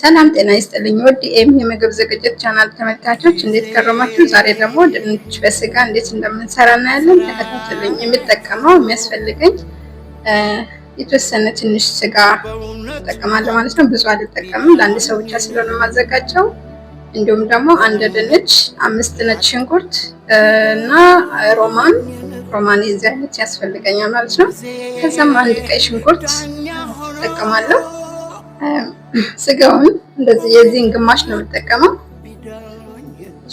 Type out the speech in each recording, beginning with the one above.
ሰላም ጤና ይስጥልኝ። ወዲ ኤም የምግብ ዝግጅት ቻናል ተመልካቾች እንዴት ከረማችሁ? ዛሬ ደግሞ ድንች በስጋ እንዴት እንደምንሰራ እናያለን። ተከታተሉኝ። የምጠቀመው የሚያስፈልገኝ የተወሰነ ትንሽ ስጋ እጠቀማለሁ ማለት ነው። ብዙ አልጠቀምም፣ ለአንድ ሰው ብቻ ስለሆነ የማዘጋጀው። እንዲሁም ደግሞ አንድ ድንች፣ አምስት ነጭ ሽንኩርት እና ሮማን ሮማን የዚህ አይነት ያስፈልገኛል ማለት ነው። ከዚያም አንድ ቀይ ሽንኩርት እጠቀማለሁ። ስጋውን እንደዚህ የዚህን ግማሽ ነው የምጠቀመው።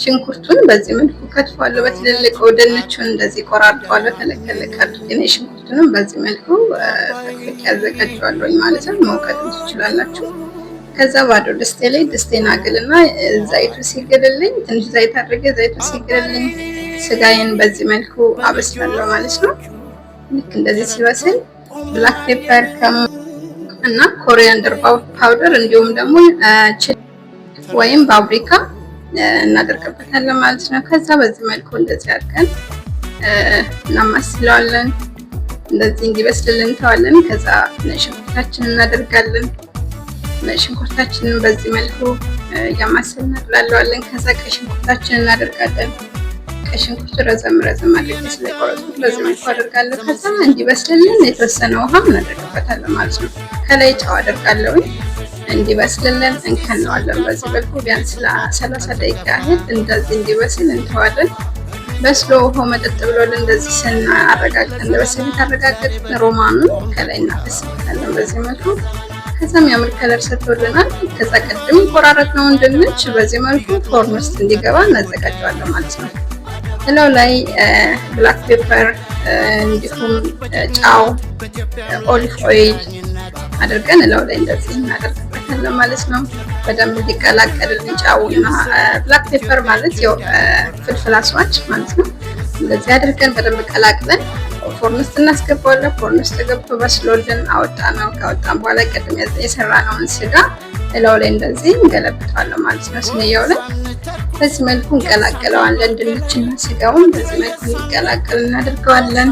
ሽንኩርቱን በዚህ መልኩ ከትፏለሁ። በትልልቅ ወደነችን እንደዚህ ቆራርጠዋለሁ። ተለቀለቀሉ ግን ሽንኩርቱንም በዚህ መልኩ ተክክ ያዘጋጀዋለሁኝ ማለት ነው። መውቀጥ ትችላላችሁ። ከዛ ባዶ ድስቴ ላይ ድስቴን አግልና ዘይቱ ሲግልልኝ ትንሽ ዘይት አድርጌ ዘይቱ ሲግልልኝ ስጋዬን በዚህ መልኩ አበስላለሁ ማለት ነው። ልክ እንደዚህ ሲበስል ብላክ ፔፐር እና ኮሪያንደር ፓውደር እንዲሁም ደግሞ ቺሊ ወይም ፓፕሪካ እናደርግበታለን ማለት ነው። ከዛ በዚህ መልኩ እንደዚህ አድርገን እናማስለዋለን። እንደዚህ እንዲበስልልን ተዋለን። ከዛ ነጭ ሽንኩርታችንን እናደርጋለን። ነጭ ሽንኩርታችንን በዚህ መልኩ እያማስል እናቅላለዋለን። ከዛ ቀይ ሽንኩርታችንን እናደርጋለን። ቀሸቶች ረዘም ረዘም አድርጌ ስለቆረጥኩት በዚህ መልኩ አደርጋለሁ። ከዛ እንዲበስልልን የተወሰነ ውሃ እናደርግበታለን ማለት ነው። ከላይ ጨው አደርጋለሁ እንዲበስልልን እንከነዋለን። በዚህ መልኩ ቢያንስ ለሰላሳ ደቂቃ ያህል እንደዚህ እንዲበስል እንተዋለን። በስሎ ውሃው መጠጥ ብሎል እንደዚህ ስናረጋግጥ እንደበስል ታረጋግጥ ሮማኑ ከላይ እናፈስበታለን በዚህ መልኩ ከዛም ያምር ከለር ሰጥቶልናል። ከዛ ቀድም ቆራረጥ ነው እንድንች በዚህ መልኩ ፎርን ውስጥ እንዲገባ እናዘጋጀዋለን ማለት ነው። እላው ላይ ብላክ ፔፐር እንዲሁም ጫው፣ ኦሊቭ ኦይል አድርገን እላው ላይ እንደዚህ እናደርግበታለን ማለት ነው። በደንብ እንዲቀላቀልልን ጫው እና ብላክ ፔፐር ማለት ያው ፍልፍል አስዋጭ ማለት ነው። እንደዚህ አድርገን በደንብ ቀላቅለን ፎርንስ እናስገባዋለን። ፎርንስ ተገብቶ በስሎልን አወጣ ነው። ካወጣን በኋላ ቅድም ነውን ስጋ እላው ላይ እንደዚህ እንገለብጠዋለን ማለት ነው። ስንየው ላይ በዚህ መልኩ እንቀላቅለዋለን። ድንችና ስጋውን በዚህ መልኩ እንቀላቀል እናደርገዋለን።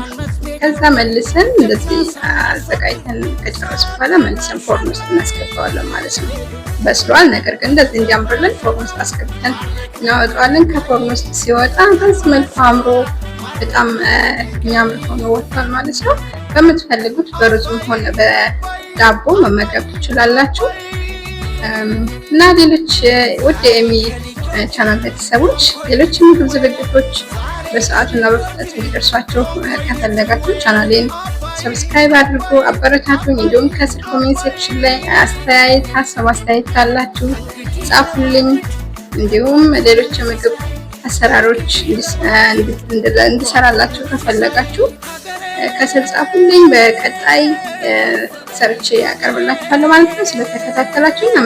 ከዛ መልሰን እንደዚህ አዘጋጅተን ከጨረስ በኋላ መልሰን ፎርን ውስጥ እናስገባዋለን ማለት ነው። በስሏል። ነገር ግን እንደዚህ እንዲያምርልን ፎርን ውስጥ አስገብተን እናወጣዋለን። ከፎርን ውስጥ ሲወጣ በዚህ መልኩ አምሮ በጣም የሚያምር ሆኖ ወጥቷል ማለት ነው። በምትፈልጉት በሩዝም ሆነ በዳቦ መመገብ ትችላላችሁ እና ሌሎች ውድ የሚ ቻናል ቤተሰቦች ሌሎች ምግብ ዝግጅቶች እና በፍጥነት እንዲደርሷቸው ከፈለጋችሁ ቻናሌን ሰብስክራይብ አድርጎ አበረታቱኝ። እንዲሁም ከስር ኮሜንት ሴክሽን ላይ አስተያየት፣ ሀሳብ አስተያየት ካላችሁ ጻፉልኝ። እንዲሁም ሌሎች ምግብ አሰራሮች እንድሰራላችሁ ከፈለጋችሁ ከስር ጻፉልኝ። በቀጣይ ሰርቼ ያቀርብላችኋለሁ ማለት ነው። ስለተከታተላችሁ